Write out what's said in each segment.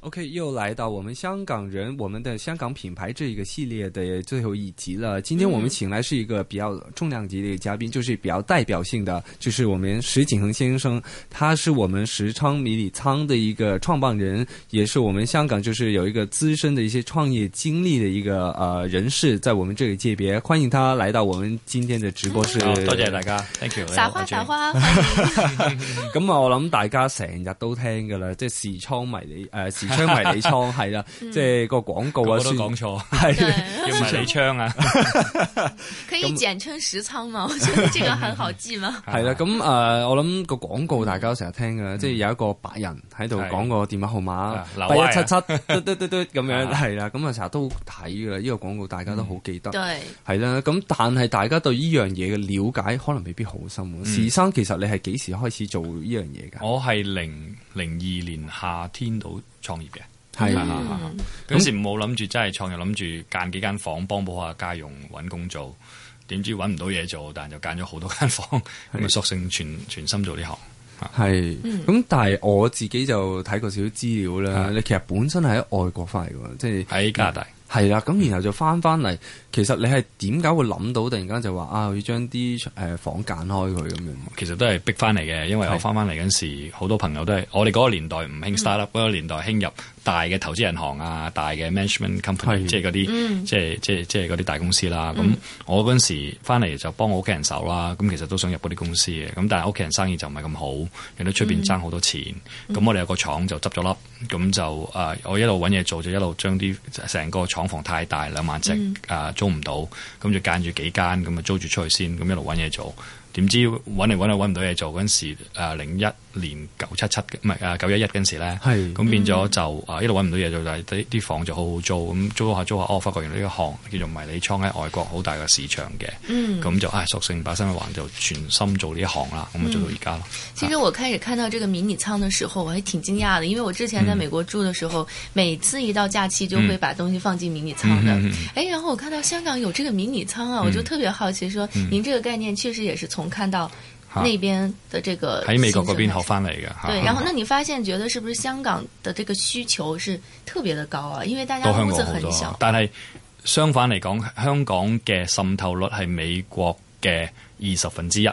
OK，又來到我們香港人，我們的香港品牌這一個系列的最後一集了。今天我們請來是一個比較重量級嘅嘉賓，就是比較代表性的，就是我們時景恆先生，他是我們時昌迷你倉的一個創辦人，也是我們香港就是有一個資深的一些創業經歷的一個呃人士，在我們這個界別，歡迎他來到我們今天的直播室。多、嗯嗯、謝，謝大家，thank you，大花大花，歡迎花。咁 啊，我諗大家成日都聽噶啦，即係時昌迷你誒時。昌迷你倉係啦，即係個廣告啊，都講錯，係要迷你倉啊，可以簡稱時倉嘛？我覺得呢個很好記嘛。係啦，咁誒，我諗個廣告大家都成日聽噶啦，即係有一個白人喺度講個電話號碼八一七七嘟嘟嘟嘟咁樣，係啦，咁啊成日都睇噶啦，呢個廣告大家都好記得，係啦，咁但係大家對呢樣嘢嘅了解可能未必好深。時生，其實你係幾時開始做呢樣嘢噶？我係零零二年夏天到。創業嘅，嗰時冇諗住真係創業，諗住間幾間房幫補下家用，揾工做。點知揾唔到嘢做，但係就揀咗好多間房，咁啊索性全全心做呢行。係，咁但係我自己就睇過少少資料啦。啊、你其實本身係喺外國翻嚟嘅喎，即係喺加拿大、嗯。係啦，咁然後就翻翻嚟。其實你係點解會諗到突然間就話啊，要將啲誒房揀開佢咁樣？其實都係逼翻嚟嘅，因為我翻翻嚟嗰時好多朋友都係我哋嗰個年代唔興 startup 嗰、嗯、個年代興入。大嘅投資銀行啊，大嘅 management company，即係嗰啲，即係即係即係嗰啲大公司啦。咁、嗯、我嗰陣時翻嚟就幫我屋企人手啦。咁其實都想入嗰啲公司嘅。咁但係屋企人生意就唔係咁好，人哋出邊掙好多錢。咁、嗯、我哋有個廠就執咗笠，咁就啊，嗯、我一路揾嘢做就一路將啲成個廠房太大，兩萬尺、嗯、啊租唔到，咁就間住幾間咁啊租住出去先，咁一路揾嘢做。點知揾嚟揾去揾唔到嘢做嗰陣時零一。呃01，年九七七嘅，唔係啊，九一一嗰陣時咧，咁變咗就啊一路揾唔到嘢做，但係啲啲房就好好租，咁租下租下、哦，我發覺原來呢一行叫做迷你倉喺外國好大嘅市場嘅，咁、嗯、就唉、哎，索性把三嘅環就全心做呢一行啦，咁啊做到而家咯。其實我開始看到這個迷你倉嘅時候，我還挺驚訝嘅，因為我之前喺美國住嘅時候，嗯、每次一到假期就會把東西放進迷你倉的。哎，然後我看到香港有這個迷你倉啊，我就特別好奇說，說您這個概念確實也是從看到。那邊的這個喺美國嗰邊學翻嚟嘅，對，嗯、然後你發現覺得是不是香港的這個需求是特別的高啊？因為大家很小都向我但係相反嚟講，香港嘅滲透率係美國嘅二十分之一，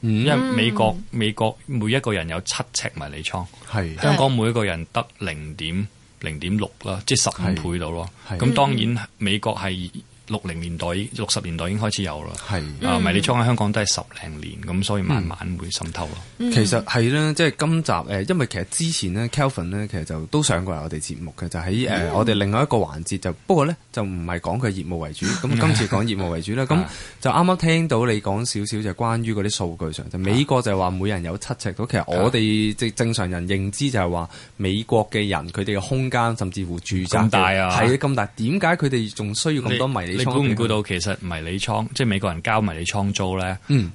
嗯、因為美國、嗯、美國每一個人有七尺迷你倉，係是香港每一個人得零點零點六啦，即係十五倍度咯，咁、嗯、當然美國係。六零年代、六十年代已經開始有啦，係啊是，迷你倉喺香港都係十零年咁，所以慢慢會滲透咯。嗯、其實係啦，即、就、係、是、今集誒、呃，因為其實之前咧，Kelvin 咧，Calvin、其實就都上過嚟我哋節目嘅，就喺誒、呃嗯、我哋另外一個環節就，就不過咧。就唔係講佢業務為主，咁今次講業務為主啦，咁 就啱啱聽到你講少少，就關於嗰啲數據上，就美國就係話每人有七尺到。其實我哋即正常人認知就係話美國嘅人佢哋嘅空間甚至乎住宅咁大啊，係咁大。點解佢哋仲需要咁多迷你倉你？你估唔估到其實迷你倉即係美國人交迷你倉租咧，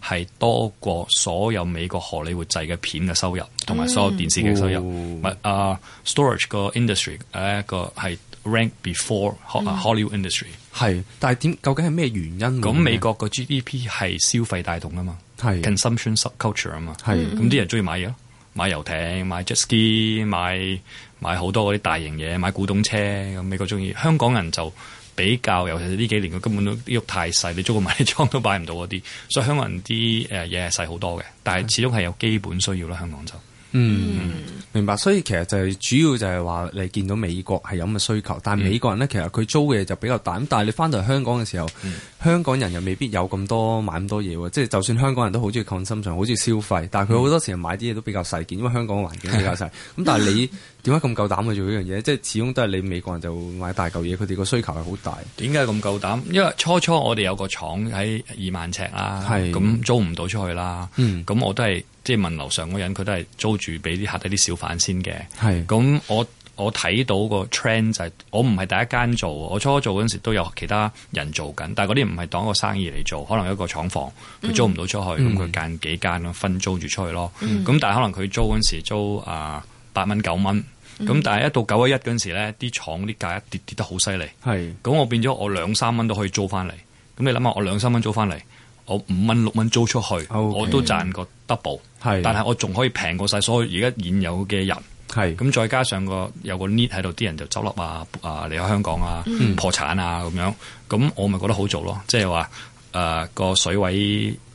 係、嗯、多過所有美國荷里活製嘅片嘅收入同埋所有電視嘅收入。啊、嗯 uh,，storage 個 industry 係、uh, 一個係。Rank before Hollywood industry，係、嗯， 但係點？究竟係咩原因？咁美國個 GDP 係消費帶動啊嘛，係是 consumption culture 啊嘛，係。咁啲人中意買嘢咯，買遊艇、買 jet ski、買買好多嗰啲大型嘢，買古董車。咁美國中意，香港人就比較，尤其是呢幾年，佢根本都屋太細，你租個迷你倉都擺唔到嗰啲。所以香港人啲誒嘢係細好多嘅，但係始終係有基本需要啦。香港就，嗯，明白。所以其實就係主要就係話你見到美國係有咁嘅需求，但係美國人呢、嗯、其實佢租嘅嘢就比較大。咁但係你翻到香港嘅時候，嗯、香港人又未必有咁多買咁多嘢喎。即、就、係、係、就算香港人都好中意 consumption，好中意消費，但係佢好多時候買啲嘢都比較細件，因為香港環境比較細。咁 但係你。 點解咁夠膽去做呢樣嘢？即係始終都係你美國人就買大嚿嘢，佢哋個需求係好大。點解咁夠膽？因為初初我哋有個廠喺二萬尺啦，咁的租唔到出去啦。咁、嗯、我都係即係問樓上嗰人，佢都係租住俾啲客、底啲小販先嘅。咁我我睇到個 trend 就係，我唔係、就是、第一間做，我初初做嗰陣時都有其他人做緊，但係嗰啲唔係當一個生意嚟做，可能一個廠房佢租唔到出去，咁佢間幾間咯，分租住出去咯。咁、嗯、但係可能佢租嗰陣時租啊。呃八蚊九蚊，咁、嗯、但係一到九一一嗰陣時咧，啲、嗯、廠啲價一跌跌得好犀利，係咁是我變咗我兩三蚊都可以租翻嚟。咁你諗下，我兩三蚊租翻嚟，我五蚊六蚊租出去，okay，我都賺個 double。是但係我仲可以平過晒所有而家現有嘅人。係是，咁再加上個有個 need 喺度，啲人就執笠啊，啊離開香港啊，嗯、破產啊咁樣，咁我咪覺得好做咯。即係話誒個水位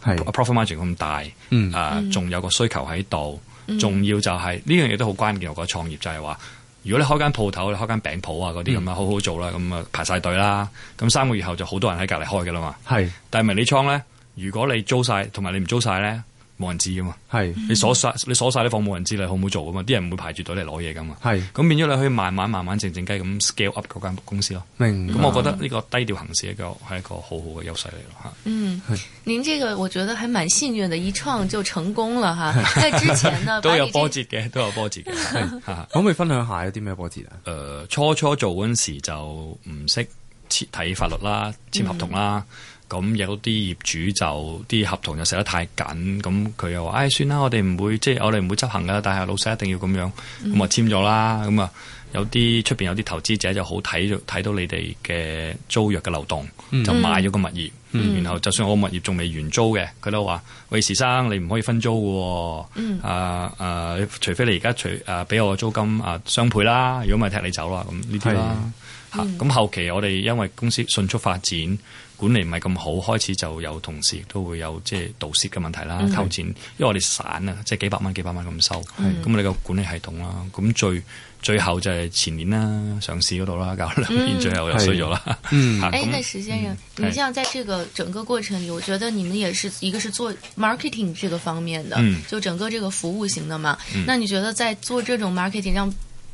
profit margin 咁大，誒、呃、仲有個需求喺度。嗯、重要就係呢樣嘢都好關鍵，我覺得創業就係話，如果你開間鋪頭，你開間餅鋪啊嗰啲咁啊，好、嗯、好做啦，咁啊排晒隊啦，咁三個月後就好多人喺隔籬開嘅啦嘛。係，是的 但係迷你倉咧，如果你租晒，同埋你唔租晒咧，冇人知噶嘛，係是你鎖晒你鎖晒啲房冇人知你好唔好做噶嘛？啲人唔會排住隊嚟攞嘢噶嘛，係咁是變咗你可以慢慢慢慢靜靜雞咁 scale up 嗰間公司咯。明咁白，我覺得呢個低調行事一個係一個好好嘅優勢嚟咯吓。嗯，是您呢個我覺得還蠻幸運嘅，一創就成功了吓。 之前呢 都有波折嘅，都有波折嘅。可唔可以分享下有啲咩波折啊？誒、呃，初初做嗰時就唔識睇法律啦，簽合同啦。嗯咁有啲業主就啲合同就寫得太緊，咁佢又話：唉，算啦，我哋唔會即係我哋唔會執行噶，但係老細一定要咁樣，咁啊簽咗啦。咁啊有啲出邊有啲投資者就好睇到睇到你哋嘅租約嘅漏洞，就買咗個物業，然後就算我個物業仲未完租嘅，佢都話：喂、like，時生你唔可以分租嘅，啊啊，除非你而家除啊俾我租金啊雙倍啦，如果咪踢你走啦。咁呢啲啦嚇，咁後期我哋因為公司迅速發展。管理唔係咁好，開始就有同事都會有即係盜竊嘅問題啦，偷、嗯、錢。因為我哋散啊，即、就、係、是、幾百蚊幾百蚊咁收，咁、嗯、你個管理系統啦，咁最最後就係前年啦，上市嗰度啦，搞兩年、嗯、最後又衰咗啦。嗯，咁啊，時先生，你像喺這個整個過程裡，我覺得你們也是，一個是做 marketing 這個方面的，嗯、就整個這個服務型的嘛。嗯、那你覺得在做這種 marketing，讓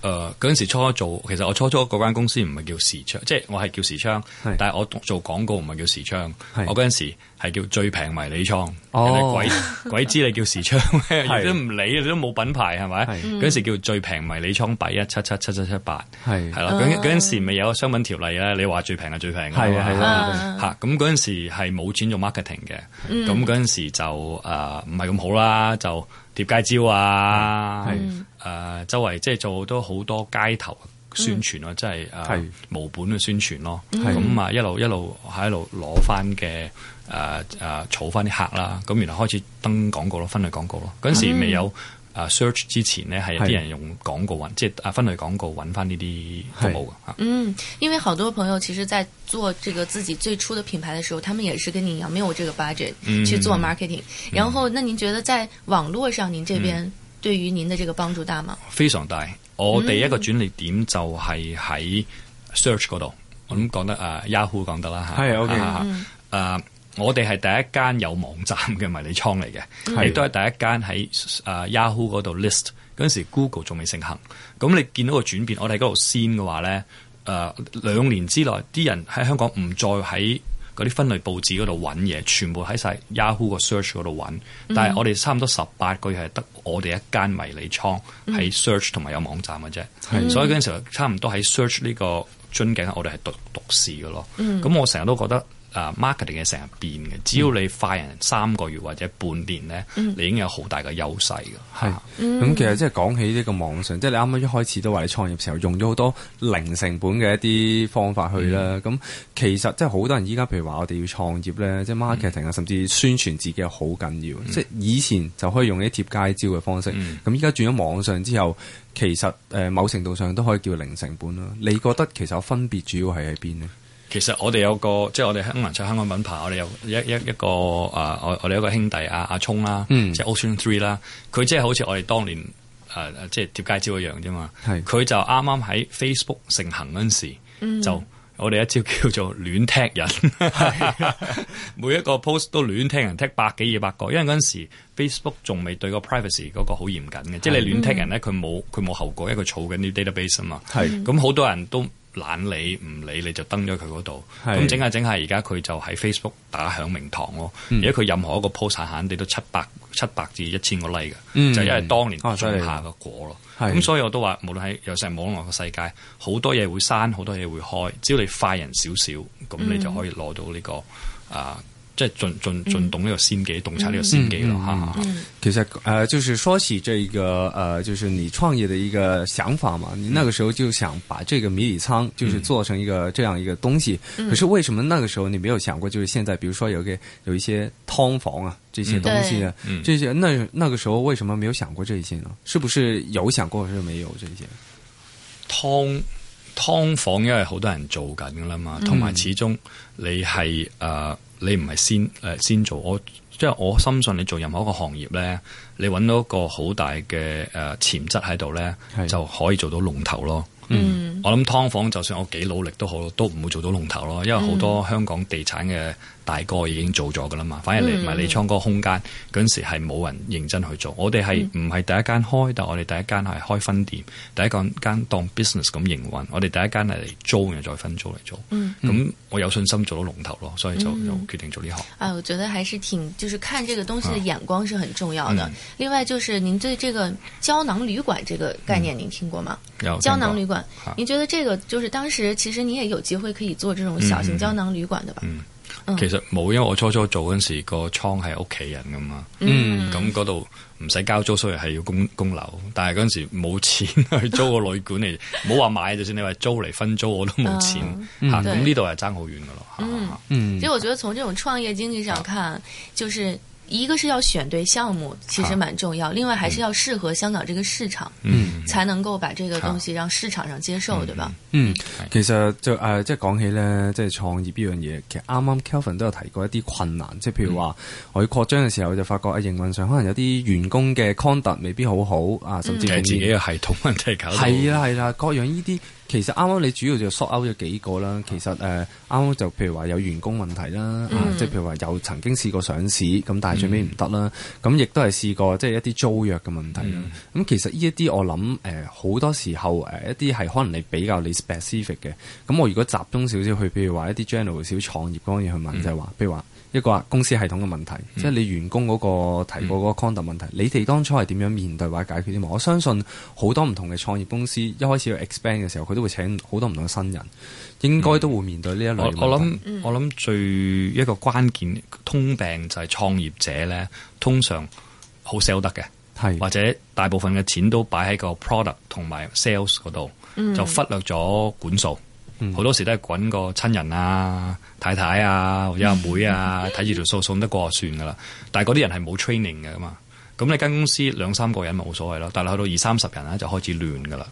誒，嗰陣時初初做，其實我初初嗰間公司唔係叫時昌，即係我係叫時昌，但係我做廣告唔係叫時昌，我嗰陣時係叫最平迷你倉。鬼鬼知你叫時昌咩，你都唔理，你都冇品牌係咪？嗰陣時叫最平迷你倉八一七七七七七八，係係啦。嗰嗰陣時咪有個商品條例咧，你話最平就最平。係啊，吓咁嗰陣時係冇錢做 marketing 嘅，咁嗰陣時就誒唔係咁好啦，就。貼街招啊，係誒、嗯呃、周圍即係做都好多街頭宣傳咯，即係誒無本嘅宣傳咯，咁啊一路一路喺度攞翻嘅誒誒，儲翻啲客啦，咁原來開始登廣告咯，分類廣告咯，嗰陣時未有、嗯。啊、uh，search 之前呢，係有啲人用廣告揾，是即係啊分類廣告揾翻呢啲服務嘅吓。是啊、嗯，因為好多朋友其實，在做這個自己最初嘅品牌嘅時候，他們也是跟您一樣，沒有這個 budget 去做 marketing，嗯。嗯、然後，那您覺得在網絡上，您這邊、嗯、對於您的這個幫助大嗎？非常大。我第一個轉捩點就係喺 search 嗰度，我咁講得啊 Yahoo 講得啦係 OK 啊。我哋係第一間有網站嘅迷你倉嚟嘅，亦都係第一間喺啊 Yahoo 嗰度 list 嗰陣時，Google 仲未盛行。咁你見到個轉變，我哋喺嗰度先嘅話咧，誒、呃、兩年之內啲人喺香港唔再喺嗰啲分類報紙嗰度揾嘢，全部喺晒 Yahoo 個 search 嗰度揾。嗯、但係我哋差唔多十八個月係得我哋一間迷你倉喺 search 同埋有網站嘅啫。所以嗰陣時差唔多喺 search 呢個樽頸，我哋係獨獨市嘅咯。咁、嗯、我成日都覺得。啊，marketing 嘅成日變嘅，只要你快人三個月或者半年咧，嗯、你已經有好大嘅優勢嘅，係咁是、嗯、其實即係講起呢個網上，即、就、係、是、你啱啱一開始都話你創業時候用咗好多零成本嘅一啲方法去啦。咁、嗯、其實即係好多人依家譬如話我哋要創業咧，即、就、係、是、marketing 啊、嗯，甚至宣傳自己好緊要。即係、嗯、以前就可以用啲貼街招嘅方式，咁依家轉咗網上之後，其實誒、呃、某程度上都可以叫零成本囉。你覺得其實分別主要係喺邊呢？其實我哋有個，即係我哋香港人出香港品牌，我哋有一一一個啊、呃，我我哋一個兄弟阿、啊、阿聰啦、啊嗯啊啊，即係 Ocean Three 啦。佢即係好似我哋當年誒即係貼街招一樣啫嘛。佢是 就啱啱喺 Facebook 盛行嗰陣時，嗯、就我哋一招叫做亂踢人，是啊、 每一個 post 都亂踢人，踢百幾二百個，因為嗰陣時 Facebook 仲未對個 privacy 嗰個好嚴謹嘅，即係是、啊、你亂踢人咧，佢冇佢冇後果，因為佢儲緊啲 database 啊嘛。咁好多人都，嗯懶理唔理你就登咗佢嗰度，咁整下整下而家佢就喺 Facebook 打響名堂咯。嗯、而家佢任何一個 post 下，你都七百七百至一千個 like 嘅，嗯、就因為當年種下個果咯。咁、哦、所，所以我都話，無論喺有時網絡嘅世界，好多嘢會生，好多嘢會開，只要你快人少少，咁你就可以攞到呢、呢個、嗯、啊。即係盡盡盡懂呢個先機，洞察呢個先機咯吓。嗯啊、其實誒、呃，就是說起這個誒、呃，就是你創業的一個想法嘛。嗯、你那個時候就想把這個迷你倉，就是做成一個、嗯、這樣一個東西。可是為什麼那個時候你沒有想過，就是現在，比如說有個有一些劏房啊，這些東西啊，嗯、這些那那個時候為什麼沒有想過這些呢？是不是有想過還是沒有這些劏劏房？因為好多人做緊㗎喇嘛，同埋、嗯、始終你係誒。呃你唔係先誒、呃、先做，我即係我深信你做任何一個行業咧，你揾到一個好大嘅誒潛質喺度咧，呃、是就可以做到龍頭咯。嗯，我諗劏房就算我幾努力都好，都唔會做到龍頭咯，因為好多香港地產嘅，嗯大哥已經做咗㗎啦嘛，反而你唔係你創嗰個空間嗰陣、嗯、時係冇人認真去做。我哋係唔係第一間開？嗯、但我哋第一間係開分店，第一間間當 business 咁營運。我哋第一間係嚟租然後再分租嚟做。咁、嗯、我有信心做到龍頭咯，所以就，就決定做呢行、啊。我覺得還是挺，就是看這個東西的眼光是很重要的。啊嗯、另外就是您對這個膠囊旅館這個概念，您聽過嗎？嗯、過膠囊旅館，您、啊、覺得這個就是當時其實你也有機會可以做這種小型膠囊旅館的吧？嗯嗯嗯嗯其實冇，因為我初初做嗰時個倉係屋企人噶嘛，咁嗰度唔使交租，所以係要供供樓。但係嗰陣時冇錢去租個旅館嚟，冇話買，就算你話租嚟分租，我都冇錢吓。咁呢度係爭好遠噶咯。嗯，嗯嗯其實我覺得從呢種創業經濟上看，嗯、就是。一個是要選對項目，其實蠻重要。啊、另外，還是要適合香港這個市場，嗯、啊，才能夠把這個東西讓市場上接受，啊啊、對吧？嗯，嗯，嗯其、呃，其實就誒，即係講起咧，即係創業呢樣嘢，其實啱啱 Kelvin 都有提過一啲困難，即係譬如話、嗯，我要擴張嘅時候就發覺喺營運上可能有啲員工嘅 conduct 未必好好啊，甚至係、嗯嗯嗯、自己嘅系統問題搞係啦係啦，各樣呢啲。其實啱啱你主要就 short out 咗幾個啦，其實誒啱啱就譬如話有員工問題啦，mm. 啊、即係譬如話有曾經試過上市，咁但係最尾唔得啦，咁、mm. 啊、亦都係試過即係一啲租約嘅問題咁、mm. 嗯、其實呢一啲我諗誒好多時候誒、呃、一啲係可能你比較你 specific 嘅，咁我如果集中少少去譬如話一啲 general 少少創業嗰樣嘢去問，mm. 就係話譬如話。一個公司系統嘅問題，嗯、即係你員工嗰個提過嗰個 conduct 問題，嗯、你哋當初係點樣面對或者解決啲？我相信好多唔同嘅創業公司一開始要 expand 嘅時候，佢都會請好多唔同嘅新人，應該都會面對呢一類問題。我諗我諗、嗯、最一個關鍵通病就係創業者咧，通常好 sell 得嘅，係是或者大部分嘅錢都擺喺個 product 同埋 sales 嗰度，嗯、就忽略咗管數。好多時都係滾個親人啊、太太啊或者阿妹、妹啊睇住條數送得過就算噶啦，但係嗰啲人係冇 training 嘅嘛，咁你間公司兩三個人冇所謂咯，但係去到二三十人咧就開始亂噶啦，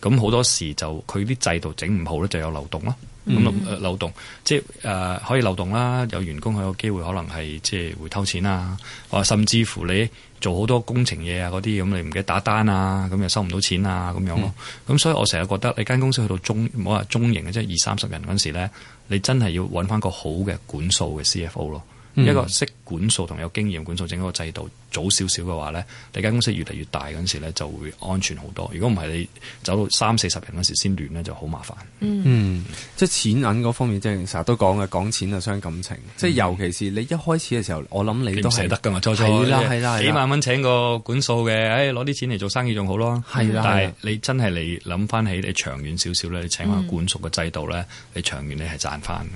咁好多時就佢啲制度整唔好咧就有漏洞咯。咁漏漏洞，即係誒、呃、可以漏洞啦。有員工佢有機會可能係即係會偷錢啊，或甚至乎你做好多工程嘢啊嗰啲，咁你唔記得打單啊，咁又收唔到錢啊咁樣咯。咁、嗯、所以我成日覺得你間公司去到中，唔好話中型嘅即係二三十人嗰時咧，你真係要揾翻個好嘅管數嘅 CFO 咯，一個識。管數同有經驗管數整嗰個制度早少少嘅話呢，你間公司越嚟越大嗰時呢就會安全好多。如果唔係你走到三四十人嗰時先亂呢就好麻煩。嗯，嗯嗯即係錢銀嗰方面，即係成日都講嘅，講錢啊傷感情。即係、嗯、尤其是你一開始嘅時候，我諗你都捨得㗎嘛，就就幾萬蚊請個管數嘅，誒攞啲錢嚟做生意仲好咯。嗯、但係你真係你諗翻起你長遠少少咧，你請下管數嘅制度咧，嗯、你長遠你係賺翻、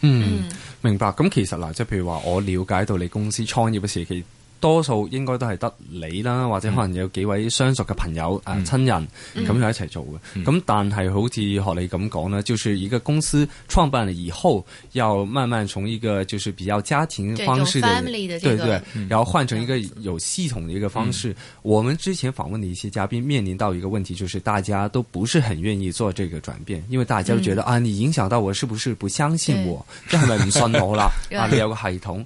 嗯嗯嗯、明白。咁其實嗱，即係譬如話，我了解到。公司創業嘅時期。多數應該都係得你啦，或者可能有幾位相熟嘅朋友、誒親人咁樣一齊做嘅。咁但係好似學你咁講呢，就是一個公司創辦了以後，要慢慢從一個就是比較家庭方式嘅，對對，然後換成一個有系統嘅一個方式。我們之前訪問的一些嘉賓，面臨到一個問題，就是大家都不是很願意做這個轉變，因為大家都覺得啊，你影響到我，是不，是不相信我？即係咪唔信我啦？啊，你有個系統，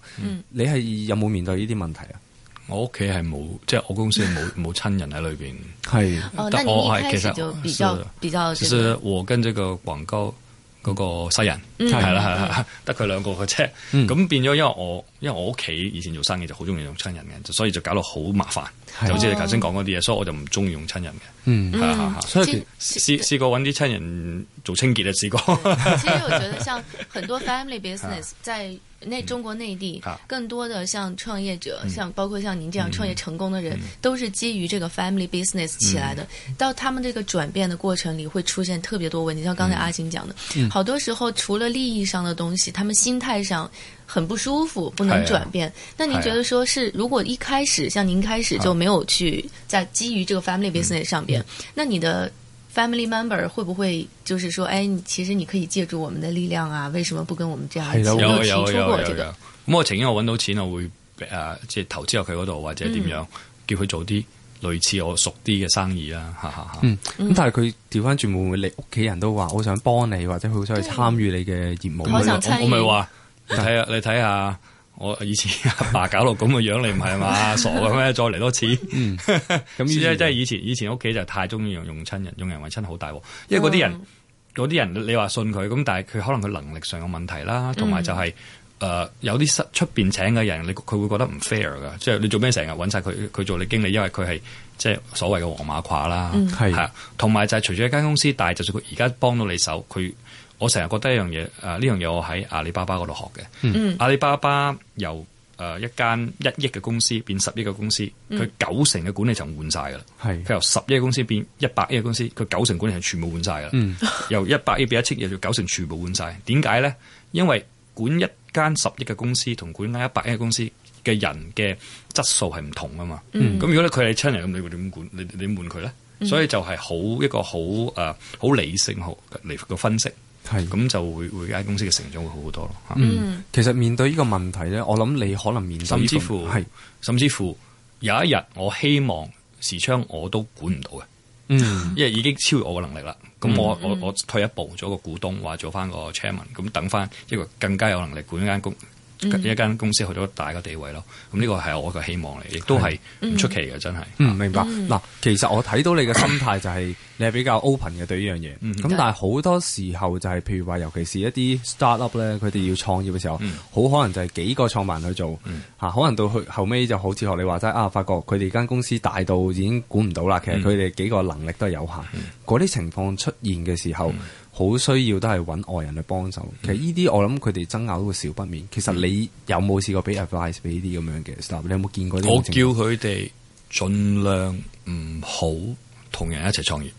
你係有冇面對呢啲問題啊？我屋企係冇，即係我公司冇冇親人喺裏邊。係，但係我係其實唔錯。其實我跟這個廣告嗰個西人。 嗯，係啦，係係、嗯，得佢兩個嘅啫。咁變咗，因為我因為我屋企以前做生意就好中意用親人嘅，就所以就搞到好麻煩。嗯、就好似你頭先講啲嘢，所以我就唔中意用親人嘅。嗯，所以試試過揾啲親人做清潔啊，試過。 其實我覺得，像很多 family business 在內中國內地，更多的像創業者，像包括像您這樣創業成功的人，都是基於這個 family business 起來的。到他們這個轉變的過程裏會出現特別多問題，像剛才阿景講的，好多時候除了利益上的東西，他們心態上很不舒服，不能轉變。啊、那您覺得說是，如果一開始、啊、像您開始就沒有去、啊、在基於這個 family business 上邊、嗯，那你的 family member 會不會就是說，哎，其實你可以借助我們的力量啊？為什麼不跟我們這樣？有提出過這個。咁、嗯、我曾經我搵到錢，我會誒，即、啊、係、就是、投資入佢嗰度，或者點樣叫，叫佢做啲。類似我熟啲嘅生意啦，啊，哈哈嗯，咁但係佢調翻轉會唔會你屋企人都話好想幫你或者好想去參與你嘅業務？對就我咪話睇下你睇下 我以前阿爸，爸搞到咁嘅樣，樣，你唔係嘛傻嘅咩？再嚟多次，咁依家真係以前 以前屋企就太中意用用親人，用人為親，好大鑊，因為嗰啲人啲，嗯、人你話信佢，咁但係佢可能佢能力上有問題啦，同埋就係、是。嗯誒、呃，有啲出出邊請嘅人，你佢會覺得唔 fair 噶，即係你做咩成日揾晒佢，佢做你經理，因為佢係即係所謂嘅黃馬褂啦，係同埋就係除咗一間公司但大，就算佢而家幫到你手，佢我成日覺得一樣嘢，誒呢樣嘢我喺阿里巴巴嗰度學嘅。嗯、阿里巴巴由誒、呃、一間一億嘅公司變十億嘅公司，佢九成嘅管理層換晒噶啦。佢、嗯、由十億嘅公司變一百億嘅公司，佢九成管理層全部換晒噶啦。嗯、 由一百億變一千億，就九成全部換晒。點解咧？因為管一間十億嘅公司同管一間一百億嘅公司嘅人嘅質素係唔同噶嘛？咁、嗯、如果佢係親嚟，咁你點管？你你點換佢咧？嗯、所以就係好一個好誒好理性嚟個分析，係咁是就會會間公司嘅成長會好好多咯。嗯，其實面對呢個問題咧，我諗你可能面對甚至乎係是，甚至乎有一日我希望時昌我都管唔到嘅，嗯， 因為已經超越我嘅能力啦。咁我、嗯、我我退一步，做一個股東，話做翻個 chairman，咁等翻一個 man，更加有能力管一間公。一間公司去到大嘅地位咯，咁呢個係我嘅希望嚟，亦都係唔出奇嘅，真係。嗯，啊、明白。嗱，其實我睇到你嘅心態就係你係比較 open 嘅對呢樣嘢。咁、嗯、但係好多時候就係、是、譬如話，尤其是一啲 start up 咧，佢哋要創業嘅時候，好、嗯、可能就係幾個創辦去做吓、嗯啊，可能到去後尾就好似學你話齋啊，發覺佢哋間公司大到已經估唔到啦，其實佢哋幾個能力都係有限。嗰啲、嗯、情況出現嘅時候。嗯好需要都係揾外人去幫手，嗯、其實呢啲我諗佢哋爭拗都會少不免。嗯、其實你有冇試過俾 advice 俾呢啲咁樣嘅 staff？你有冇見過？我叫佢哋盡量唔好同人一齊創業，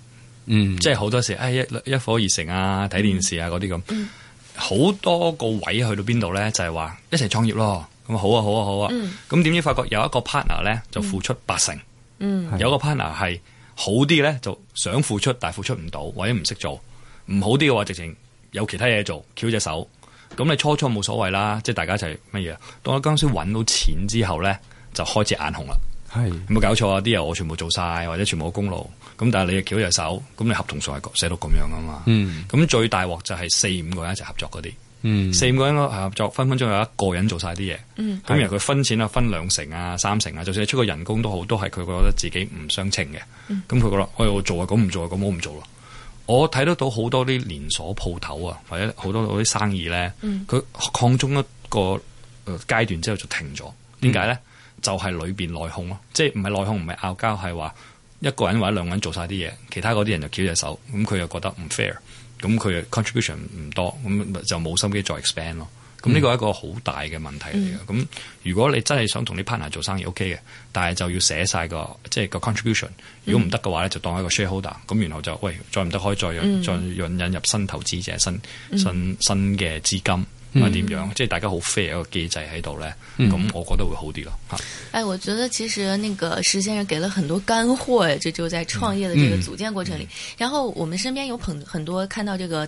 嗯，嗯即係好多時，哎一一火而成啊，睇電視啊嗰啲咁，好、嗯、多個位去到邊度咧？就係、係、話一齊創業咯。咁好啊好啊好啊，咁點、啊啊啊嗯、知發覺有一個 partner 咧就付出八成，嗯，嗯有一個 partner 係好啲咧就想付出，但係付出唔到或者唔識做。唔好啲嘅話，直情有其他嘢做，翹隻手。咁你初初冇所謂啦，即係大家一齊乜嘢。當我剛剛揾到錢之後咧，就開始眼紅啦。係有冇搞錯啊！啲嘢我全部做晒，或者全部功勞。咁但係你又翹隻手，咁你合同上係寫到咁樣噶嘛？嗯。咁最大鑊就係四五個人一齊合作嗰啲。嗯。四五個人合作，分分鐘有一個人做晒啲嘢。嗯。咁然後佢分錢啊，分兩成啊，三成啊，就算出個人工都好，都係佢覺得自己唔相稱嘅。嗯。咁佢覺得，我做啊，咁唔做啊，咁我唔做咯。我睇得到好多啲連鎖鋪頭啊，或者好多嗰啲生意咧，佢、嗯、擴充一個階段之後就停咗。點解咧？嗯、就係裏邊內控咯、啊，即係唔係內控唔係拗交，係話一個人或者兩個人做晒啲嘢，其他嗰啲人就翹隻手，咁佢又覺得唔 fair，咁、嗯、佢嘅 contribution 唔多，咁、嗯、就冇心機再 expand 咯。咁呢個係一個好大嘅問題嚟嘅。咁、嗯、如果你真係想同啲 partner 做生意，OK 嘅，嗯、但係就要寫晒個即係、就是、個 contribution。如果唔得嘅話咧，就當一個 shareholder。咁然後就喂，再唔得可以再引、嗯、再引引入新投資者、新新新嘅資金，點、嗯嗯、樣？即係大家好 fair 一個機制喺度咧。咁、嗯、我覺得會好啲咯。嚇！哎，我覺得其實那個時先生給了很多乾貨，就就在創業的這個組建過程裡。嗯嗯嗯嗯、然後我們身邊有很很多看到這個。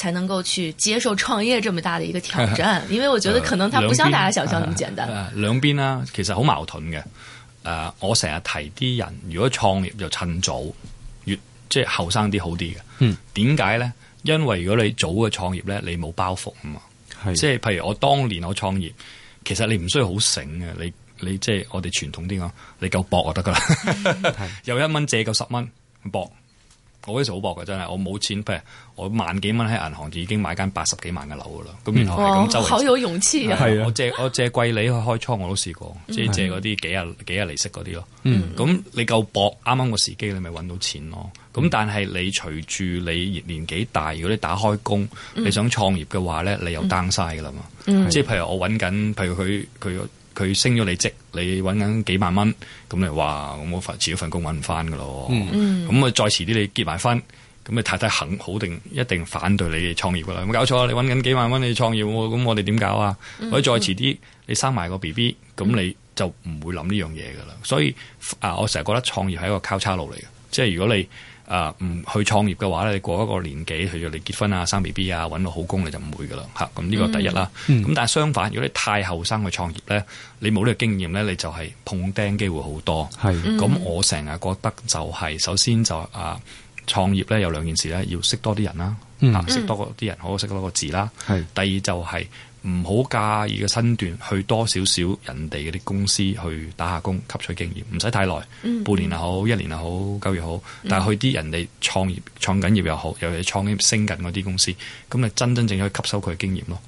才能夠去接受創業這麼大的一個挑戰， 因為我覺得可能他不像大家想象咁簡單。兩邊啦，其實好矛盾嘅。誒、呃，我成日提啲人，如果創業就趁早，越即係後生啲好啲嘅。嗯，點解呢？因為如果你早嘅創業呢，你冇包袱啊嘛。即係是的 譬如我當年我創業，其實你唔需要好醒嘅，你你即係我哋傳統啲講，你夠搏就得噶啦。有一蚊借夠十蚊咁搏。我嗰時好薄噶，真係我冇錢，譬如我萬幾蚊喺銀行就已經買間八十幾萬嘅樓噶啦。咁、嗯、然後係咁周圍，好有勇氣啊借！係啊， 我借我借貴利去開倉我都試過，即係借嗰啲幾啊、嗯、幾日利息嗰啲咯。咁、嗯、你夠薄，啱啱個時機你咪搵到錢咯。咁、嗯、但係你隨住你年年紀大，如果你打開工，嗯、你想創業嘅話咧，你又 downside 噶啦嘛。即係譬如我搵緊，譬如佢佢。佢升咗你職，你揾緊幾萬蚊，咁你話，哇，我冇份遲咗份工揾唔翻噶咯。咁我、嗯、再遲啲你結埋婚，咁你太太肯好定一定反對你創業噶啦。有冇、嗯、搞錯啊，你揾緊幾萬蚊你創業，咁我哋點搞啊？嗯、或者再遲啲你生埋個 B B，咁你就唔會諗呢樣嘢噶啦。所以啊，我成日覺得創業係一個交叉路嚟嘅，即係如果你。誒唔、啊、去創業嘅話咧，你過一個年紀，譬如你結婚 BB，啊、生 B B 啊、揾到好工，你就唔會噶啦嚇。咁、啊、呢、這個第一啦。咁、嗯、但係相反，如果你太後生去創業咧，你冇呢個經驗咧，你就係碰釘機會好多。係是。咁我成日覺得就係、是、首先就誒、啊、創業咧有兩件事咧，要識多啲人啦，啊、識多啲人，好識多個字啦。係、嗯。啊、是第二就係、是。唔好介意嘅身段，去多少少人哋嗰啲公司去打下工，吸取經驗，唔使太耐，嗯、半年又好，一年又好，九月好，但係去啲人哋創業創緊業又好，尤其是創業升緊嗰啲公司，咁你真真正正去吸收佢嘅經驗咯。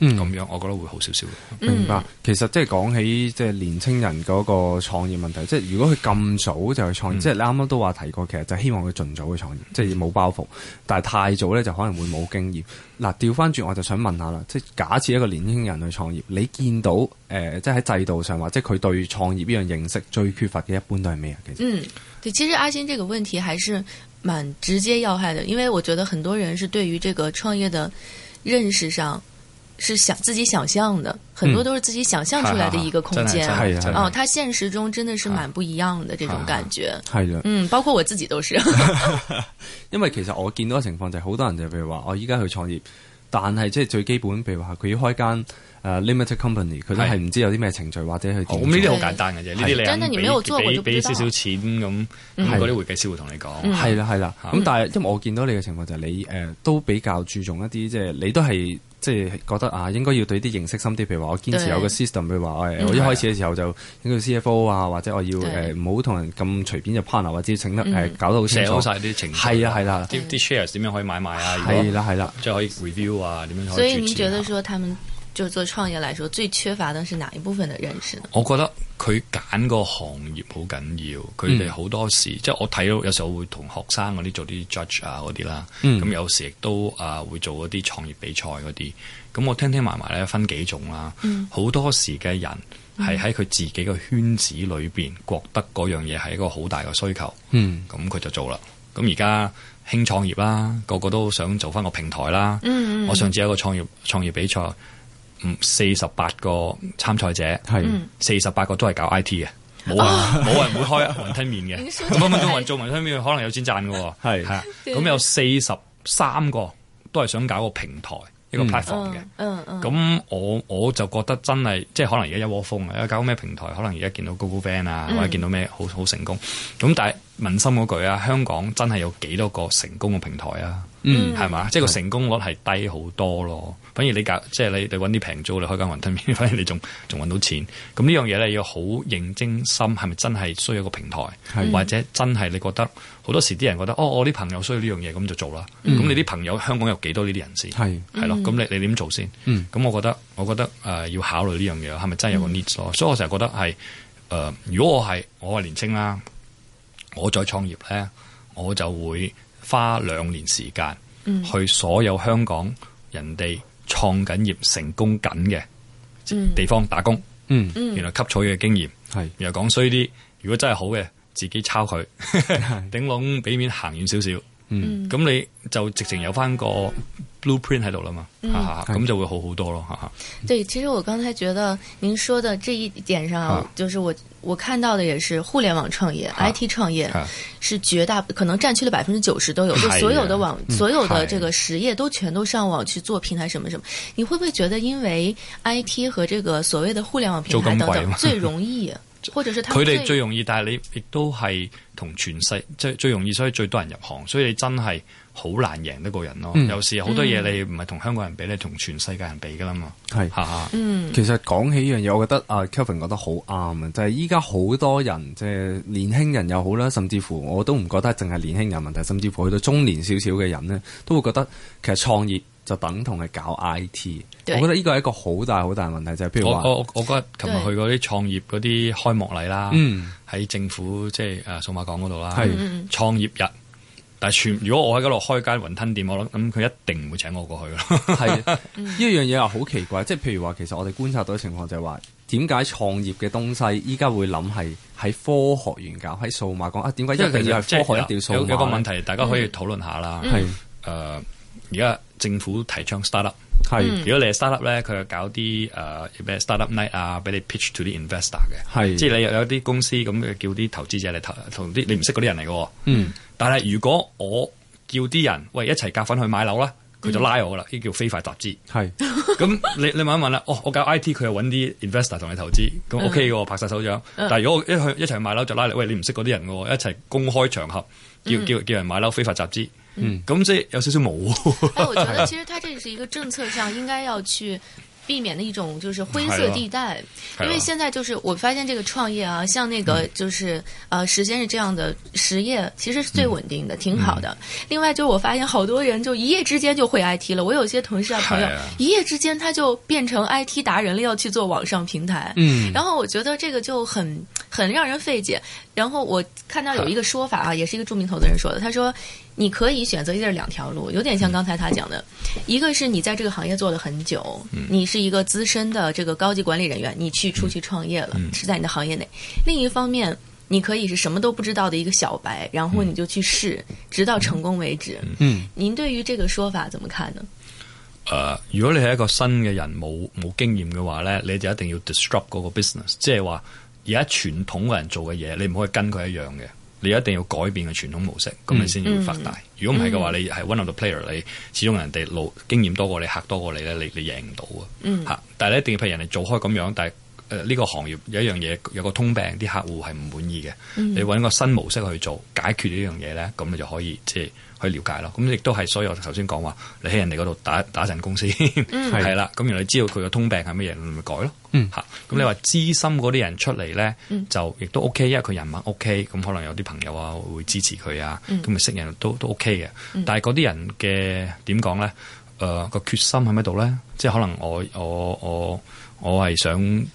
嗯，咁樣我覺得會好少少。明白，嗯、其實即係講起即係年青人嗰個創業問題，即係如果佢咁早就去創業，即係、嗯、你啱啱都話提過，其實就希望佢盡早去創業，即係冇包袱。但係太早咧，就可能會冇經驗。嗱、啊，調翻轉我就想問下啦，即係假設一個年青人去創業，你見到誒，即係喺制度上或者佢對創業呢樣認識最缺乏嘅，一般都係咩啊？其實，嗯，其實阿欣呢個問題還是蠻直接要害的，因為我覺得很多人是對於這個創業的認識上。是想自己想象的，很多都是自己想象出來的一個空間。哦，他現實中真的是蠻不一樣的這種感覺。嗯，包括我自己都是。因為其實我見到嘅情況就係好多人就譬如話，我依家去創業，但係即係最基本，譬如話佢要開間 limited company，佢都係唔知有啲咩程序或者去。咁呢啲好簡單嘅啫，呢啲你冇做過俾俾少少錢咁，係嗰啲會計師會同你講。係啦係啦，咁但係因為我見到你嘅情況就係你誒都比較注重一啲即係你都係。即係覺得啊，應該要對啲認識深啲。譬如話，我堅持有個 system，譬、啊、如話、哎，我一開始嘅時候就應該 CFO 啊，或者我要誒唔好同人咁隨便就 partner，或者請、呃、得誒搞到清楚晒啲情係啊係啦，啲 shares 點樣可以買賣啊？係啦係啦，即係可以 review 啊，點、啊、樣可以、啊？可以，所以你覺得說他們？就做創業來說，最缺乏的是哪一部分的認識呢？我覺得佢揀個行業好緊要，佢哋好多時、嗯、即係我睇到，有時候會同學生嗰啲做啲 judge 啊嗰啲啦，咁、嗯、有時亦都啊會做一啲創業比賽嗰啲。咁我聽聽埋埋咧，分幾種啦。好、嗯、多時嘅人係喺佢自己嘅圈子裏邊，覺得嗰樣嘢係一個好大嘅需求，咁佢、嗯嗯、就做啦。咁而家興創業啦，個個都想做翻個平台啦。嗯嗯，我上次有一個創業創業比賽。四十八個參賽者係，四十八個都係搞 I T 嘅，冇人冇人會開雲吞、哦、麵嘅，咁分鐘做埋雲吞麵可能有錢賺嘅，係係是，咁有四十三個都係想搞個平台，嗯、一個 p l 嘅，咁、哦哦哦、我我就覺得真係，即係可能而家一窩蜂啊，搞咩平台，可能而家見到 Google b a n d 啊，嗯、或者見到咩好好成功，咁但係民心嗰句啊，香港真係有幾多個成功嘅平台啊？嗯，係嘛吧，嗯、即係個成功率係低好多咯。嗯、反而你搞，即係你你揾啲平租你開間雲吞麵，反而你仲仲揾到錢。咁呢樣嘢咧，要好認真心，係咪真係需要一個平台，的或者真係你覺得好多時啲人覺得哦，我啲朋友需要呢樣嘢，咁就做啦。咁、嗯、你啲朋友香港有幾多呢啲人士？係係咯，咁的、嗯、你你點做先？嗯，咁我覺得，我覺得誒、呃，要考慮呢樣嘢，係咪真係有個 need？所以我成日覺得係誒、呃，如果我係我係年輕啦，我再創業咧，我就會。花兩年時間、嗯、去所有香港人哋創緊業成功緊嘅地方打工，嗯，原來吸取嘅經驗，係、嗯，然後講衰啲，如果真係好嘅，自己抄佢， 頂籠俾面行遠少少，嗯，咁你就直情有返個 blueprint 喺度啦嘛，咁、嗯啊、就會好好多咯，吓吓。對，嗯、其實我剛才覺得您說的這一點上，啊、就是我我看到的也是互聯網創業、啊、IT 創業是絕大、啊、可能佔去了百分之九十都有，的就所有的網、嗯、所有的這個實業都全都上網去做平台什麼什麼。你會不會覺得因為 IT 和這個所謂的互聯網平台等等最容易， 或者是佢哋最，最容易，但係你亦都係。同全世界最容易，所以最多人入行，所以你真係好難贏得過人咯。嗯、有時好多嘢你唔係同香港人比，你同全世界人比噶啦嘛。係，哈哈嗯，其實講起呢樣嘢，我覺得阿 Kevin 覺得好啱啊！就係依家好多人，即係年輕人又好啦，甚至乎我都唔覺得淨係年輕人問題，甚至乎去到中年少少嘅人呢，都會覺得其實創業。就等同係搞 IT，對我覺得呢個係一個好大好大問題，就係譬如話，我我我今日琴日去嗰啲創業嗰啲開幕禮啦，喺對政府即係啊數碼港嗰度啦，是創業日。但係、嗯、如果我喺嗰度開間雲吞店，我諗咁佢一定唔會請我過去咯。呢 樣嘢係好奇怪，即係譬如話，其實我哋觀察到嘅情況就係、是、話，點解創業嘅東西依家會諗係喺科學園搞喺數碼港啊？點解一定要係科學一定要數嘅話？有個問題大家可以討論下啦，係誒、嗯。是呃而家政府提倡 startup，係是如果你係 startup 咧，佢又搞啲誒、呃、，startup night 啊，俾你 pitch to 啲 investor 嘅，係的即係你又有啲公司咁，叫啲投資者嚟投，同啲你唔識嗰啲人嚟嘅。嗯，但係如果我叫啲人喂一齊夾份去買樓啦，佢就拉我啦，呢、嗯、叫非法集資。係咁是，你你問一問啦， 哦，我搞 IT，佢又揾啲 investor 同你投資，咁 OK 嘅，嗯、拍晒手掌。但係如果我一去一齊買樓就拉你，喂，你唔識嗰啲人嘅，一齊公開場合叫叫叫,叫人買樓非法集資。嗯，咁即係有少少冇。但 係、哎、我覺得其實佢這是一個政策上應該要去避免的一種，就是灰色地帶。 啊、因為現在就是我發現這個創業啊，像那個就是，啊、嗯呃、時間是這樣的，實業其實是最穩定的，嗯、挺好的。嗯、另外就我發現好多人就一夜之間就會 I T 了。我有些同事啊朋友，啊、一夜之間他就變成 I T 達人了，要去做網上平台。嗯，然後我覺得這個就很很讓人費解。然後我看到有一個說法啊，也是一個著名投資人說的。他說，你可以選擇這兩條路，有點像剛才他講的，嗯、一個是你在這個行業做了很久、嗯，你是一個資深的這個高級管理人員，你去出去創業了、嗯，是在你的行業內；另一方面，你可以是什麼都不知道的一個小白，然後你就去試，嗯、直到成功為止。嗯，您對於這個說法怎麼看呢？呃，如果你是一個新的人，冇冇經驗嘅話呢，你就一定要 disrupt 嗰個 business，即係話。而家傳統嘅人做嘅嘢，你唔可以跟佢一樣嘅，你一定要改變個傳統模式，咁、嗯、你先至會發大。嗯、如果唔係嘅話，你係 one of the player，、嗯、你始終人哋老經驗多過你，客多過你咧，你你贏唔到啊！嚇、嗯，但係一定要畀人哋做開咁樣，但係誒呢個行業有一樣嘢有個通病，啲客戶係唔滿意嘅。嗯、你揾個新模式去做解決呢樣嘢咧，咁你就可以即係。去了解咯，咁亦都係所以我頭先講話，你喺人哋嗰度打打陣公司，係啦、嗯，咁原來你知道佢嘅通病係乜嘢，咪改咯。嚇、嗯，咁、啊嗯、你話資深嗰啲人出嚟咧，嗯、就亦都 OK，因為佢人脈 OK，咁可能有啲朋友啊會支持佢啊，咁咪、嗯、識人都都 OK 嘅。嗯、但係嗰啲人嘅點講咧？誒、呃，個決心喺咩度咧？即係可能我我我我係想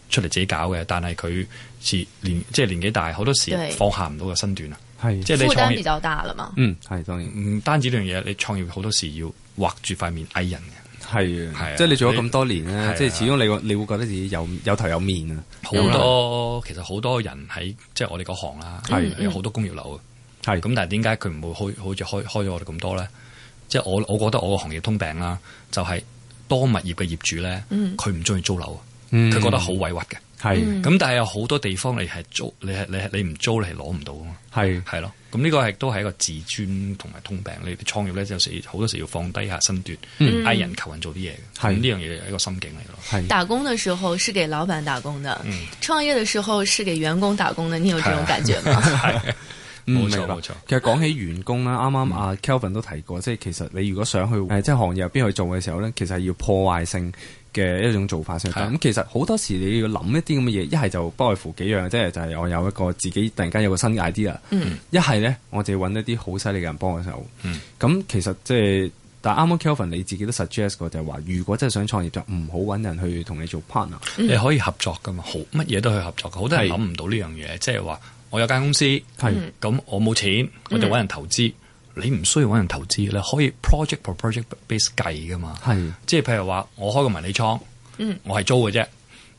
出嚟自己搞嘅，但係佢年即係年，年紀大，好多時放下唔到個身段啊。即係你創業負擔比較大啦嘛。嗯，係當然，唔單止呢樣嘢，你創業好多時要畫住塊面，挨人嘅。係，即係你做咗咁多年咧，即係始終你你會覺得自己有有頭有面啊。好多其實好多人喺即係我哋個行啦，好多工業樓係，咁但係點解佢唔會開好似開開咗我哋咁多咧？即係我我覺得我個行業通病啦，就係多物業嘅業主咧，佢唔中意租樓，佢覺得好委屈嘅。係，咁但係有好多地方你係租，你係你係你唔租你係攞唔到噶嘛。係係咯，咁呢個係都係一個自尊同埋通病。你創業咧就實好多時要放低下身段，嗌人求人做啲嘢嘅。係呢樣嘢係一個心境嚟咯。打工嘅時候是給老闆打工的，嗯，創業的時候是給員工打工的，你有這種感覺嗎？係，冇錯冇錯。其實講起員工啦，啱啱阿 Kelvin 都提過，即係其實你如果想去誒，即係行業入邊去做嘅時候咧，其實係要破壞性。嘅一種做法先得，咁的其實好多時你要諗一啲咁嘅嘢，一係的就不外乎幾樣，即係就係、是、我有一個自己突然間有個新 idea，一係呢，我就要揾一啲好犀利嘅人幫我手。咁、嗯嗯、其實即、就、係、是，但啱啱 Kevin 你自己都 suggest 過就係話，如果真係想創業就唔好揾人去同你做 partner，、嗯、你可以合作噶嘛，好乜嘢都去合作，好多人都諗唔到呢樣嘢，即係話我有間公司，咁的、嗯、我冇錢，我就揾人投資。嗯你唔需要揾人投資，你可以 project per project base 計噶嘛？係是，即係譬如話，我開個迷你倉，嗯、我係租嘅啫，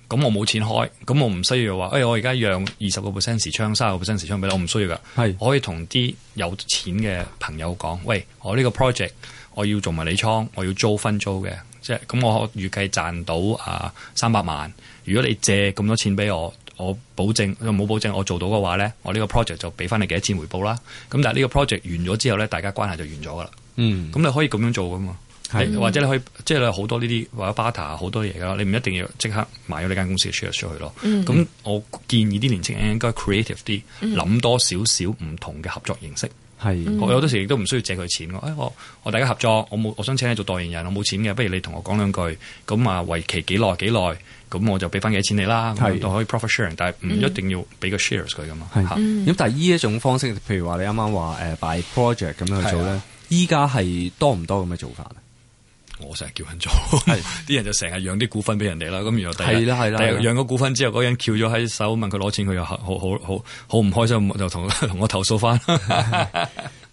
咁我冇錢開，咁我唔需要話，哎，我而家讓二十個 percent 時倉、三十個 percent 時倉俾你，我唔需要噶，係是，我可以同啲有錢嘅朋友講，喂，我呢個 project 我要做迷你倉，我要租分租嘅，即係咁，我可預計賺到啊三百萬。如果你借咁多錢俾我。我保證冇保證，我做到嘅話咧，我呢個 project 就俾翻你幾多錢回報啦。咁但係呢個 project 完咗之後咧，大家關係就完咗噶啦。嗯，咁你可以咁樣做噶嘛，係的，或者你可以即係你好多呢啲或者 partner 好多嘢噶啦，你唔一定要即刻買咗呢間公司嘅 share 出去咯。咁、嗯、我建議啲年輕人應該 creative 啲，諗多少少唔同嘅合作形式。嗯嗯。係，我是有啲時亦都唔需要借佢錢，我我，我大家合作，我冇，我想請你做代言人，我冇錢嘅，不如你同我講兩句，咁啊，為期幾耐幾耐，咁我就俾翻幾錢你啦，都是可以 profit sharing，但係唔一定要俾個 shares 佢噶嘛。咁是、嗯、但係呢一種方式，譬如話你啱啱話誒 by project 咁樣去做咧，依家係多唔多咁嘅做法？我成日叫人做，啲是 人就成日讓啲股份俾人哋啦，咁然後第日，第日讓咗股份之後，嗰人翹咗喺手，問佢攞錢，佢又好好好好好唔開心，就同同 我投訴翻。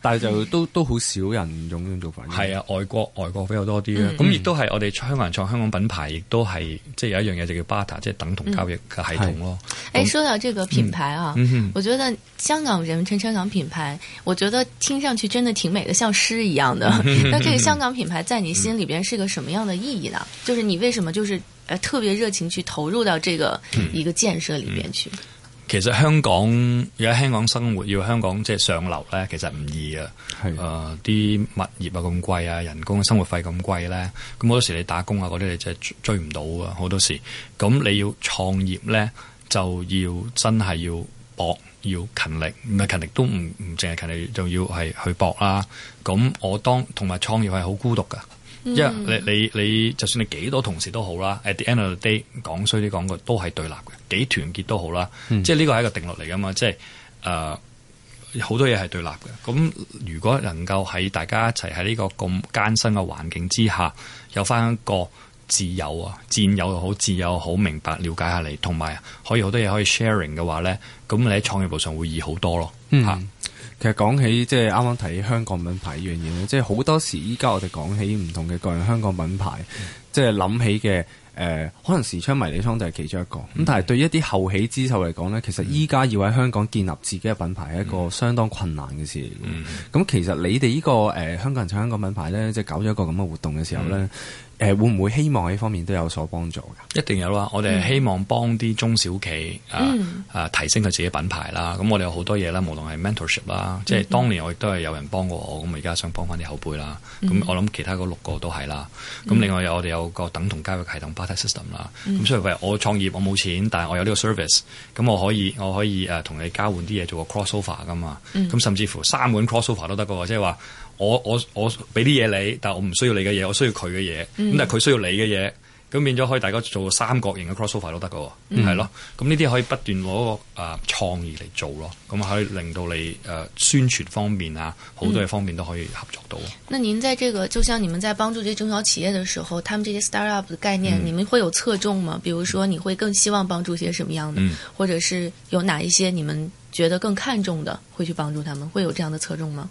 但係就都、嗯、都好少人用呢種做法。譯。係啊，外國外國比較多啲咧。咁亦、嗯、都係我哋香港人創香港品牌，亦都係即係有一樣嘢就是、叫巴塔，即係等同交易嘅系統咯。誒、嗯嗯欸，說到這個品牌啊，嗯、我覺得香港人創香港品牌，嗯、我覺得聽上去真的挺美的，像詩一樣的。那 這個香港品牌在你心裏邊是一個什麼樣的意義呢？嗯、就是你為什麼就是誒特別熱情去投入到這個一個建設裏面去？嗯嗯嗯其實香港而家香港生活要香港即係上樓咧，其實唔易啊！誒是的、呃，啲物業啊咁貴啊，人工、生活費咁貴咧，咁好多時你打工啊嗰啲，你真係追唔到啊！好多時，咁你要創業咧，就要真係要搏，要勤力，唔係勤力都唔唔淨係勤力，仲要係去搏啦。咁我當同埋創業係好孤獨噶。因為 Yeah,、mm. 你你你就算你幾多，多同事都好啦，at the end of the day 講衰啲講句都係對立嘅，幾團結都好啦，嗯、即係呢個係一個定律嚟㗎嘛，即係誒好多嘢係對立嘅。咁如果能夠喺大家一齊喺呢個咁艱辛嘅環境之下，有翻個摯友啊、戰友又好、摯友好，自好明白、了解下你，同埋可以好多嘢可以 sharing 嘅話咧，咁你喺創業路上會易好多咯，吓、嗯。啊其實講起即係啱啱睇香港品牌依樣嘢咧，即係好多時依家我哋講起唔同嘅各樣香港品牌，嗯、即係諗起嘅誒、呃，可能時昌迷你倉就係其中一個。咁、嗯、但係對於一啲後起之秀嚟講咧，其實依家要喺香港建立自己嘅品牌係一個相當困難嘅事嚟嘅。咁、嗯嗯、其實你哋呢、呢個誒、呃、香港人創香港品牌咧，即係搞咗一個咁嘅活動嘅時候咧。嗯嗯誒會唔會希望喺呢方面都有所幫助嘅？一定有啦！我哋係希望幫啲中小企啊、嗯、啊，提升佢自己品牌啦。咁、嗯、我哋有好多嘢啦，無論係 mentorship 啦、嗯，即係當年我亦都係有人幫過我，咁、嗯、我而家想幫翻啲後輩啦。咁我諗其他嗰六個都係啦。咁、嗯、另外我有我哋有個等同交易系統 barter system 啦、嗯。咁所以譬如我創業我冇錢，但係我有呢個 service，咁我可以我可以誒同、呃、你交換啲嘢做個 crossover 㗎嘛。咁、嗯嗯嗯、甚至乎三款 crossover 都得嘅喎，即係話。我我我俾啲嘢你，但係我唔需要你嘅嘢，我需要佢嘅嘢。咁、嗯、但係佢需要你嘅嘢，咁變咗可以大家做三角形嘅 crossover，so，都得噶，係、嗯、咯。咁呢啲可以不斷攞個誒創意嚟做咯。咁可以令到你誒、呃、宣傳方面啊，好多嘢方面都可以合作到。那您在這個，就像你們在幫助這些中小企業嘅時候，他們這些 startup 的概念，嗯、你們會有側重嗎？比如說，你會更希望幫助一些什麼樣的，嗯、或者是有哪一些你們覺得更看重的，會去幫助他們，會有這樣的側重嗎？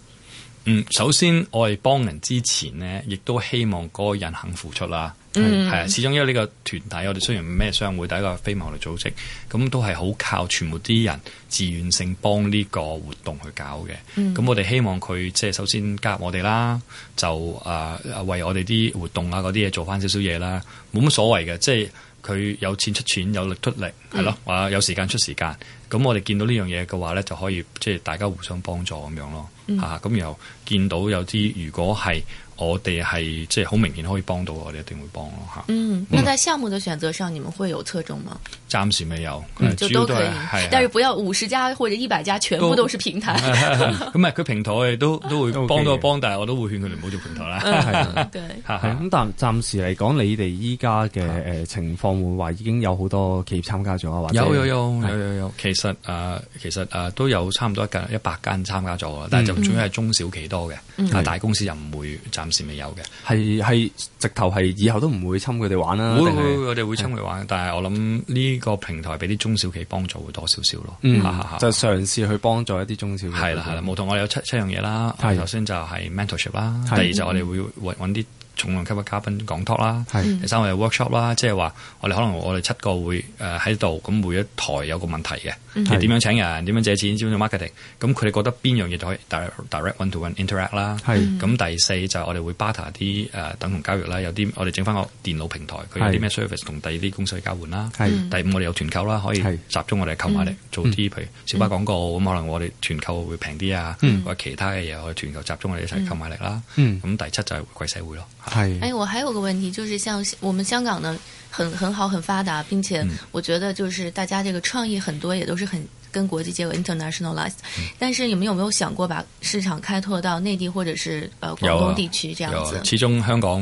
嗯，首先我哋幫人之前呢，亦都希望嗰個人肯付出啦。係啊、嗯，始終因為呢個團體，我哋雖然咩商會，但係一個非牟利組織，咁都係好靠全部啲人自願性幫呢個活動去搞嘅。咁、嗯嗯、我哋希望佢即係首先加入我哋啦，就啊為我哋啲活動啊嗰啲嘢做翻少少嘢啦，冇乜所謂嘅。即係佢有錢出錢，有力出力，係咯、嗯，啊有時間出時間。咁我哋見到呢樣嘢嘅話咧，就可以即係大家互相幫助咁樣咯。嚇，咁然後見到有啲如果係我哋係即係好明顯可以幫到我哋，一定會幫咯嚇。嗯，那在項目嘅選擇上，你們會有側重嗎？暫時未有，就都可以，但是不要五十家或者一百家全部都是平台。咁唔係佢平台都都會幫到幫，但係我都會勸佢哋唔好做平台啦。係，咁但暫時嚟講，你哋依家嘅誒情況會話已經有好多企業參加咗有有有有有有，其其實誒，其實誒，都有差唔多近一百間參加咗，嗯、但係就主要係中小企多嘅。啊、嗯、大公司又唔會暫時未有嘅，係係直頭係以後都唔會侵佢哋玩啦。會是我哋會侵佢玩，嗯，但係我諗呢個平台俾啲中小企幫助會多少少咯。嗯，啊、就嘗試去幫助一啲中小企。係啦係啦，冇同我哋有七七樣嘢啦。首先就係 mentorship 啦，第二就我哋會揾啲。重量級嘅嘉賓講 talk 啦，第三個係 workshop 啦，即係話我哋可能我哋七個會誒喺度，咁每一台有個問題嘅，係點樣請人？點樣借錢？點樣 marketing？咁佢哋覺得邊樣嘢就可以 direct one to one interact 啦。咁第四就係我哋會 butter 啲誒等同交易啦，有啲我哋整翻個電腦平台，佢有啲咩 service 同第二啲公司交換啦。第五我哋有團購啦，可以集中我哋嘅購買力，做啲譬如小巴廣告咁，可能我哋團購會平啲啊，或者其他嘅嘢我哋團購集中我哋一齊購買力啦。咁第七就係回饋社會咯。係，誒是、哎，我還有個問題，就是像我們香港呢，很很好，很發達，並且我覺得就是大家這個創意很多，也都是很跟國際接軌 internationalized、嗯、但是你們有沒有想過把市場開拓到內地或者是誒廣東地區這樣子？始終香港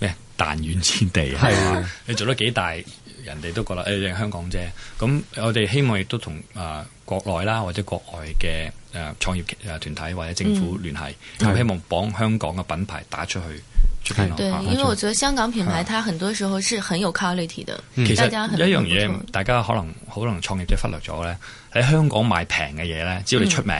咩彈丸之地係，你做得幾大，人哋都覺得誒、哎，香港啫。咁我哋希望亦都同誒國內啦或者國外嘅誒創業誒團體或者政府聯繫，嗯、我希望幫香港嘅品牌打出去。對，因為我覺得香港品牌，它很多時候是很有 quality 的。嗯、其實一樣嘢，大家可能可能創業者忽略咗咧，喺香港賣平嘅嘢咧，只要你出名，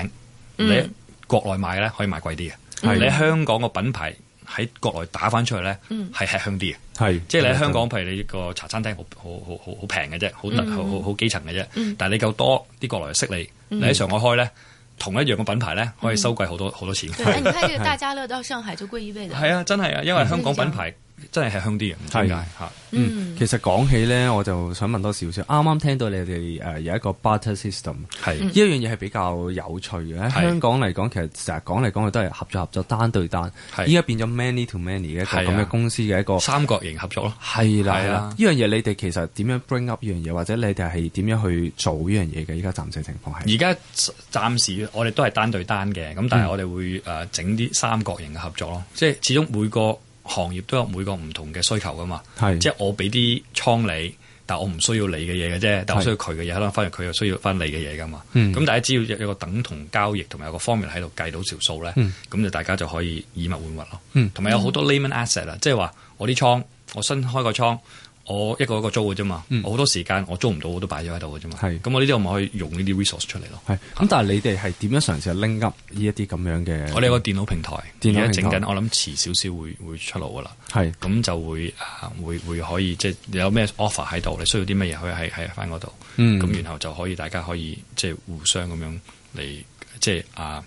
嗯、你喺國內賣咧，可以賣貴啲嘅。你喺香港個品牌喺國內打翻出去咧，係吃香啲嘅。係是，即係你喺香港，譬如你個茶餐廳好好好好好平嘅啫，好特好好好基層嘅啫。嗯、但係你夠多啲國內識你，嗯、你喺上海開咧。同一樣嘅品牌咧，可以收貴好多好、嗯、多錢。對，你看這個大家樂到上海就貴一倍的。係啊， 真係啊，因為香港品牌。真係係香啲嘅，係吓。嗯，其實講起咧，我就想問多少少。啱啱聽到你哋誒有一個 butter system，係呢一樣嘢係比較有趣嘅。喺香港嚟講，其實成日講嚟講去都係合作合作，單對單。係依家變咗 many to many 嘅一個咁嘅公司嘅一個三角形合作咯。係啦，係啦。呢樣嘢你哋其實點樣 bring up 呢樣嘢，或者你哋係點樣去做呢樣嘢嘅？依家暫時情況係。而家暫時我哋都係單對單嘅，咁但係我哋會誒整啲三角形嘅合作咯。即係始終每個。行業都有每個唔同嘅需求噶嘛，是即係我俾啲倉你，但係我唔需要你嘅嘢嘅啫，但係我需要佢嘅嘢可能反而佢又需要翻你嘅嘢噶嘛。咁大家只要有個等同交易，同埋有個方面喺度計到條數咧，咁就、嗯、大家就可以以物換物咯。同埋、嗯、有好多 limit asset 啦、嗯，即係話我啲倉，我新開個倉。我一個一個租嘅啫嘛，嗯、我好多時間我租唔到我都擺咗喺度嘅啫嘛。係是，咁我呢啲我咪可以用呢啲 resource 出嚟咯。係是，咁、嗯、但係你哋係點樣嘗試去 link up 呢一啲咁樣嘅？我哋有個電腦平台，電腦整緊，我諗遲少少會會出爐㗎啦。係是，咁就會誒會會可以即係有咩 offer 喺度，你需要啲咩嘢可以喺喺翻嗰度。咁、嗯、然後就可以大家可以即係互相咁樣嚟即係啊。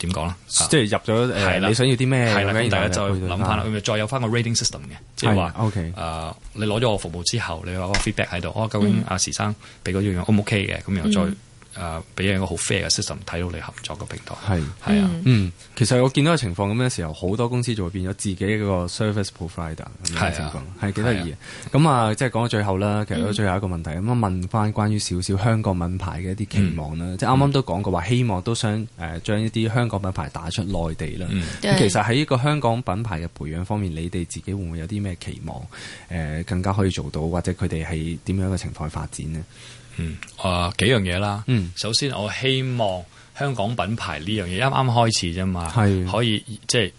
點講啦？Uh, 即係入咗誒，uh, 了你想要啲咩？係啦了，咁、啊、大家再諗翻啦。佢咪再有翻個 rating system 嘅，即係話，O.K. 誒，uh, 你攞咗我服務之後，你話個 feedback 喺度，哦，究竟阿時生俾嗰樣 O 唔、mm. OK 嘅？咁又再。Mm. 誒，俾、啊、一個好 fair 嘅 system 睇到你合作嘅平台，係係是啊，嗯，其實我見到嘅情況咁嘅時候，好多公司就會變咗自己嗰個 service provider 咁嘅情況，係幾得意嘅。咁啊、啊即係講到最後啦，其實都最後一個問題，咁啊、嗯，問翻關於少少香港品牌嘅一啲期望啦，嗯、即係啱啱都講過話，希望都想誒，將、呃、一啲香港品牌打出內地啦。嗯、其實喺呢個香港品牌嘅培養方面，你哋自己會唔會有啲咩期望？誒、呃，更加可以做到，或者佢哋係點樣嘅情況發展呢？嗯，啊、呃，幾樣嘢啦。嗯，首先我希望香港品牌呢樣嘢，啱啱開始啫嘛，係是可以即係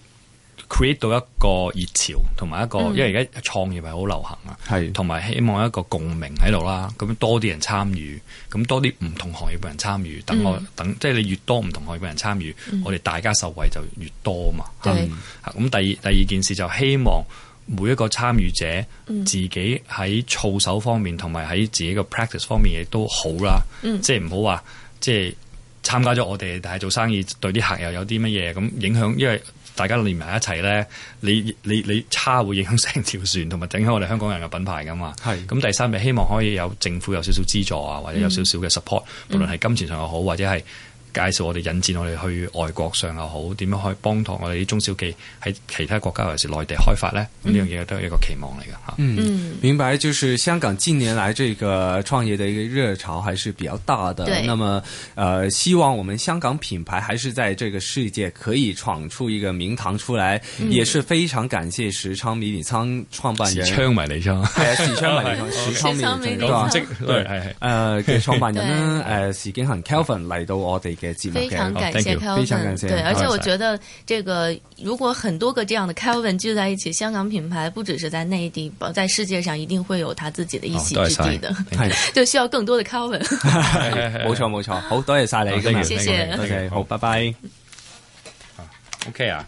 create 到一個熱潮，同埋一個，嗯、因為而家創業係好流行啊，係是，同埋希望一個共鳴喺度啦。咁、嗯、多啲人參與，咁多啲唔同行業嘅人參與，嗯、等我等，即係你越多唔同行業嘅人參與，嗯、我哋大家受惠就越多嘛。係、嗯，咁、嗯嗯、第二第二，第二件事就希望。每一個參與者、嗯、自己喺操守方面，同埋喺自己嘅 practice 方面，亦都好啦。嗯、即係唔好話，即、就、係、是、參加咗我哋，但係做生意對啲客又有啲乜嘢咁影響？因為大家連埋一齊咧，你你你，你差會影響成條船，同埋整起我哋香港人嘅品牌噶嘛。咁是、嗯、第三係希望可以有政府有少少資助啊，或者有少少嘅 support，、嗯、無論係金錢上又好，或者係。介紹我哋引薦我哋去外國上又好，點樣可以幫助我哋啲中小企喺其他國家或者內地開發呢？呢樣嘢都係一個期望嚟㗎吓。嗯，明白。就是香港近年來這個創業嘅一個熱潮，還是比較大嘅。對，那麼，呃，希望我們香港品牌，還是喺這個世界可以闖出一個名堂出來。也是非常感謝時昌迷你倉創辦人。時昌迷你倉，係啊，時昌迷你倉，時昌迷你倉。對，係係。誒嘅創辦人啦，誒時景恆 Kelvin 嚟到我哋。非常感謝 Kevin，非常感謝，對，而且我覺得這個如果很多個這樣的 Kevin 聚在一起，香港品牌不只是在內地，在世界上一定會有他自己的一席之地的，就需要更多的 Kevin。冇錯冇錯，好多謝晒你，謝，謝謝，謝謝，好，拜拜 thank you. bye。OK 啊。